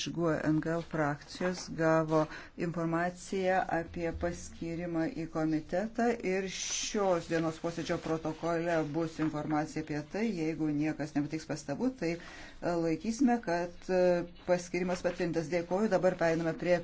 iš GUNGL e frakcijos gavo informaciją apie paskirimą į komitetą ir šios dienos posėdžio protokole bus informacija apie tai. Jeigu niekas nepatiks pastabų, tai laikysime, kad e, paskirimas patvirtintas. Dėkuoju, dabar peiname prie.